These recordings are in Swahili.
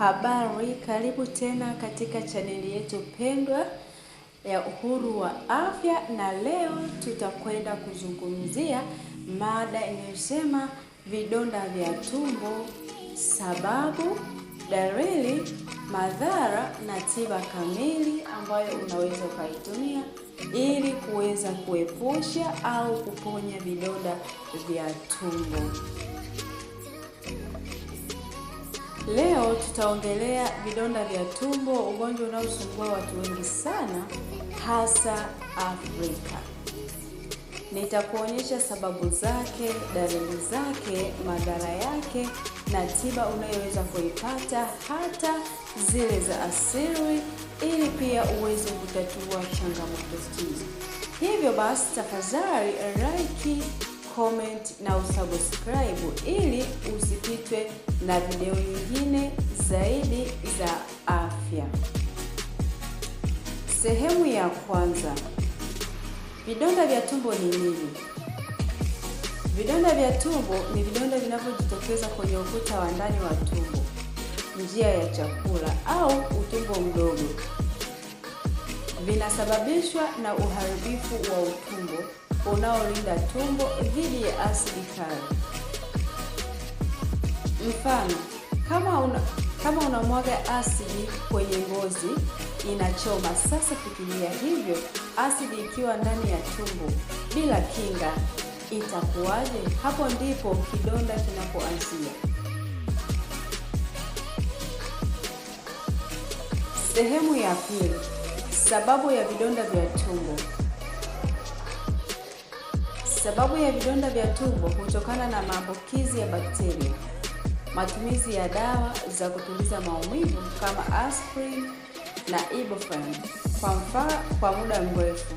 Habari, karibu tena katika chaneli yetu pendwa ya Uhuru wa Afya, na leo tutakwenda kuzungumzia mada inayosema vidonda vya tumbo, sababu, dalili, madhara na tiba kamili ambayo unaweza ukaitumia ili kuweza kuepusha au kuponya vidonda vya tumbo. Leo tutaongelea vidonda vya tumbo, ugonjwa unaosumbua watu wengi sana hasa Afrika. Nitakuonyesha sababu zake, dalili zake, madhara yake na tiba unayoweza kuipata hata zile za asili ili pia uweze kutatua changamoto hizi. Hivyo basi, tafadhali like, comment na usubscribe ili na video nyingine zaidi za afya. Sehemu ya kwanza, vidonda vya tumbo ni nini? Vidonda vya tumbo ni vidonda vinavyojitokeza kwenye ukuta wa ndani wa tumbo, njia ya chakula au utumbo mdogo. Vinasababishwa na uharibifu wa utumbo unaolinda tumbo dhidi ya asidi kali. Mfano, kama una, kama unamwaga asidi kwenye ngozi inachoma. Sasa fikiria hivyo, asidi ikiwa ndani ya tumbo bila kinga itakuwaje? Hapo ndipo kidonda kinapoanzia. Sehemu ya pili, sababu ya vidonda vya tumbo. Sababu ya vidonda vya tumbo hutokana na maambukizi ya bakteria. Matumizi ya dawa za kutuliza maumivu kama aspirin na ibuprofen kwa mfaa kwa muda mrefu.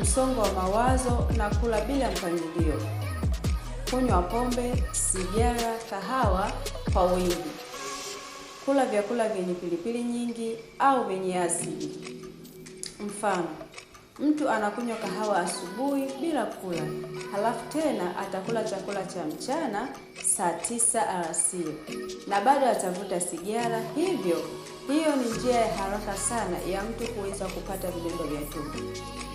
Msongo wa mawazo na kula bila mpangilio. Kunywa pombe, sigara, kahawa kwa wingi. Kula vyakula vyenye pilipili nyingi au vyenye asidi. Mfano, Mtu anakunywa kahawa asubuhi bila kula, halafu tena atakula chakula cha mchana saa tisa alasiri na bado atavuta sigara. Hivyo hiyo ni njia ya haraka sana ya mtu kuweza kupata vidonda vya tumbo.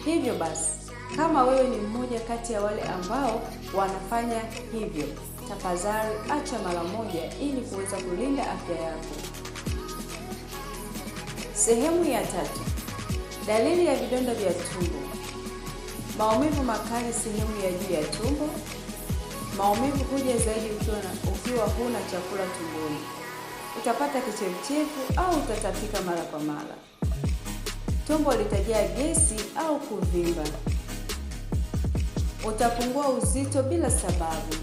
Hivyo basi, kama wewe ni mmoja kati ya wale ambao wanafanya hivyo, tafadhali acha mara moja ili kuweza kulinda afya yako. Sehemu ya tatu. Dalili ya vidonda vya tumbo: maumivu makali sehemu ya juu ya tumbo. Maumivu huja zaidi ukiwa, ukiwa huna chakula tumboni. Utapata kichefuchefu au utatapika mara kwa mara. Tumbo litajaa gesi au kuvimba. Utapungua uzito bila sababu.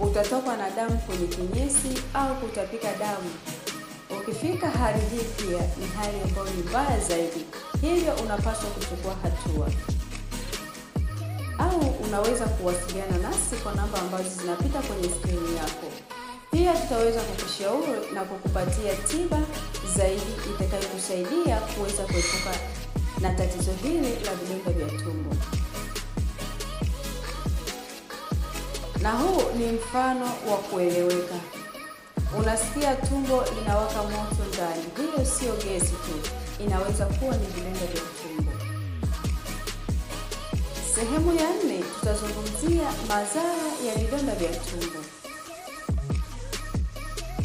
Utatokwa na damu kwenye kinyesi au kutapika damu. Ukifika hali hii pia ni hali ambayo ni mbaya zaidi, hivyo unapaswa kuchukua hatua, au unaweza kuwasiliana nasi kwa namba ambazo zinapita kwenye skrini yako. Pia tutaweza kukushauri na kukupatia tiba zaidi itakayokusaidia kuweza kuepuka na tatizo hili la vidonda vya tumbo. Na huu ni mfano wa kueleweka unasikia tumbo linawaka moto ndani. Hiyo sio gesi tu, inaweza kuwa ni vidonda vya tumbo. Sehemu ya nne tutazungumzia madhara ya vidonda vya tumbo,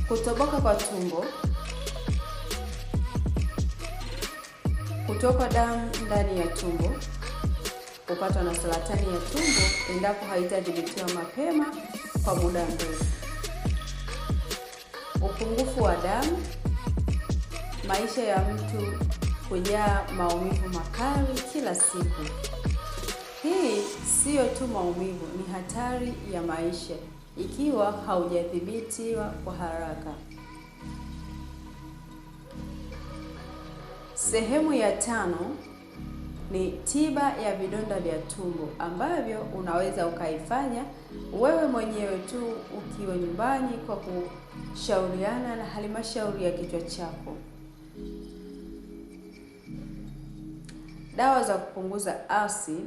kutoboka kwa tumbo, kutoka damu ndani ya tumbo, kupatwa na saratani ya tumbo endapo haitadhibitiwa mapema kwa muda mrefu upungufu wa damu, maisha ya mtu kujaa maumivu makali kila siku. Hii siyo tu maumivu, ni hatari ya maisha ikiwa haujadhibitiwa kwa haraka. Sehemu ya tano ni tiba ya vidonda vya tumbo ambavyo unaweza ukaifanya wewe mwenyewe tu ukiwa nyumbani kwa kushauriana na halmashauri ya kichwa chako. Dawa za kupunguza acid,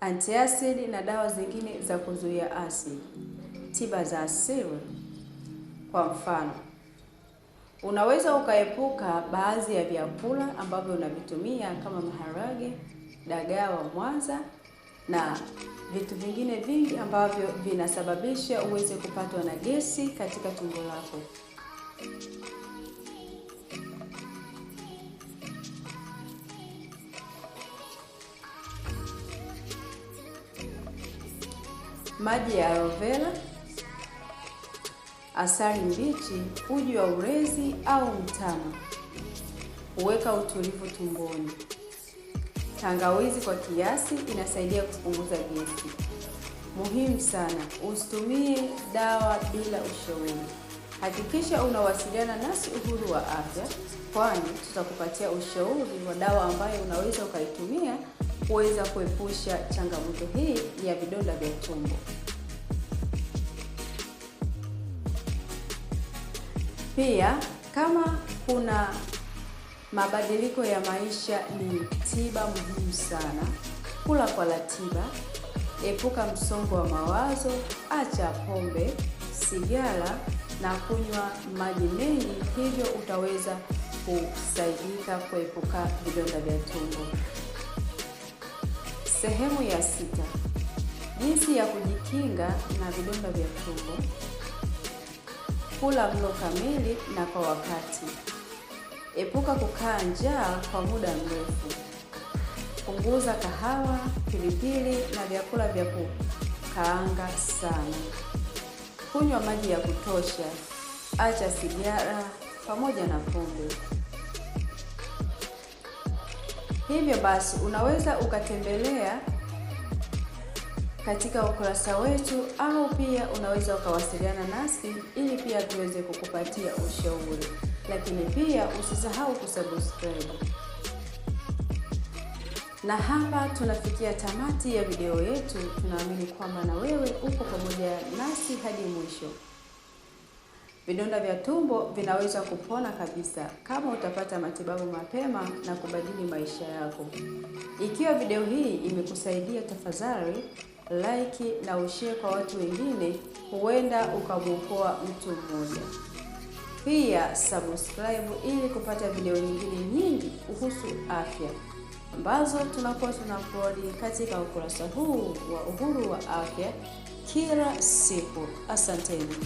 antiacid na dawa zingine za kuzuia acid. Tiba za asili, kwa mfano Unaweza ukaepuka baadhi ya vyakula ambavyo unavitumia kama maharage, dagaa wa Mwanza na vitu vingine vingi ambavyo vinasababisha uweze kupatwa na gesi katika tumbo lako. Maji ya aloe vera asali mbichi, uji wa ulezi au mtama. Huweka utulivu tumboni. Tangawizi kwa kiasi inasaidia kupunguza gesi. Muhimu sana, usitumie dawa bila ushauri. Hakikisha unawasiliana nasi Uhuru wa Afya, kwani tutakupatia ushauri wa dawa ambayo unaweza ukaitumia kuweza kuepusha changamoto hii ya vidonda vya tumbo. Pia kama kuna mabadiliko ya maisha, ni tiba muhimu sana. Kula kwa ratiba, epuka msongo wa mawazo, acha pombe, sigara na kunywa maji mengi, hivyo utaweza kusaidika kuepuka vidonda vya tumbo. Sehemu ya sita: jinsi ya kujikinga na vidonda vya tumbo. Kula mlo kamili na kwa wakati. Epuka kukaa njaa kwa muda mrefu. Punguza kahawa, pilipili na vyakula vya kukaanga sana. Kunywa maji ya kutosha. Acha sigara pamoja na pombe. Hivyo basi, unaweza ukatembelea katika ukurasa wetu, au pia unaweza ukawasiliana nasi ili pia tuweze kukupatia ushauri, lakini pia usisahau kusubscribe. Na hapa tunafikia tamati ya video yetu. Tunaamini kwamba na wewe uko pamoja nasi hadi mwisho. Vidonda vya tumbo vinaweza kupona kabisa kama utapata matibabu mapema na kubadili maisha yako. Ikiwa video hii imekusaidia, tafadhali like na ushee kwa watu wengine, huenda ukamwokoa mtu mmoja. Pia subscribe ili kupata video nyingine nyingi kuhusu afya ambazo tunakuwa tunapodi katika ukurasa huu wa Uhuru wa Afya kila siku. Asanteni.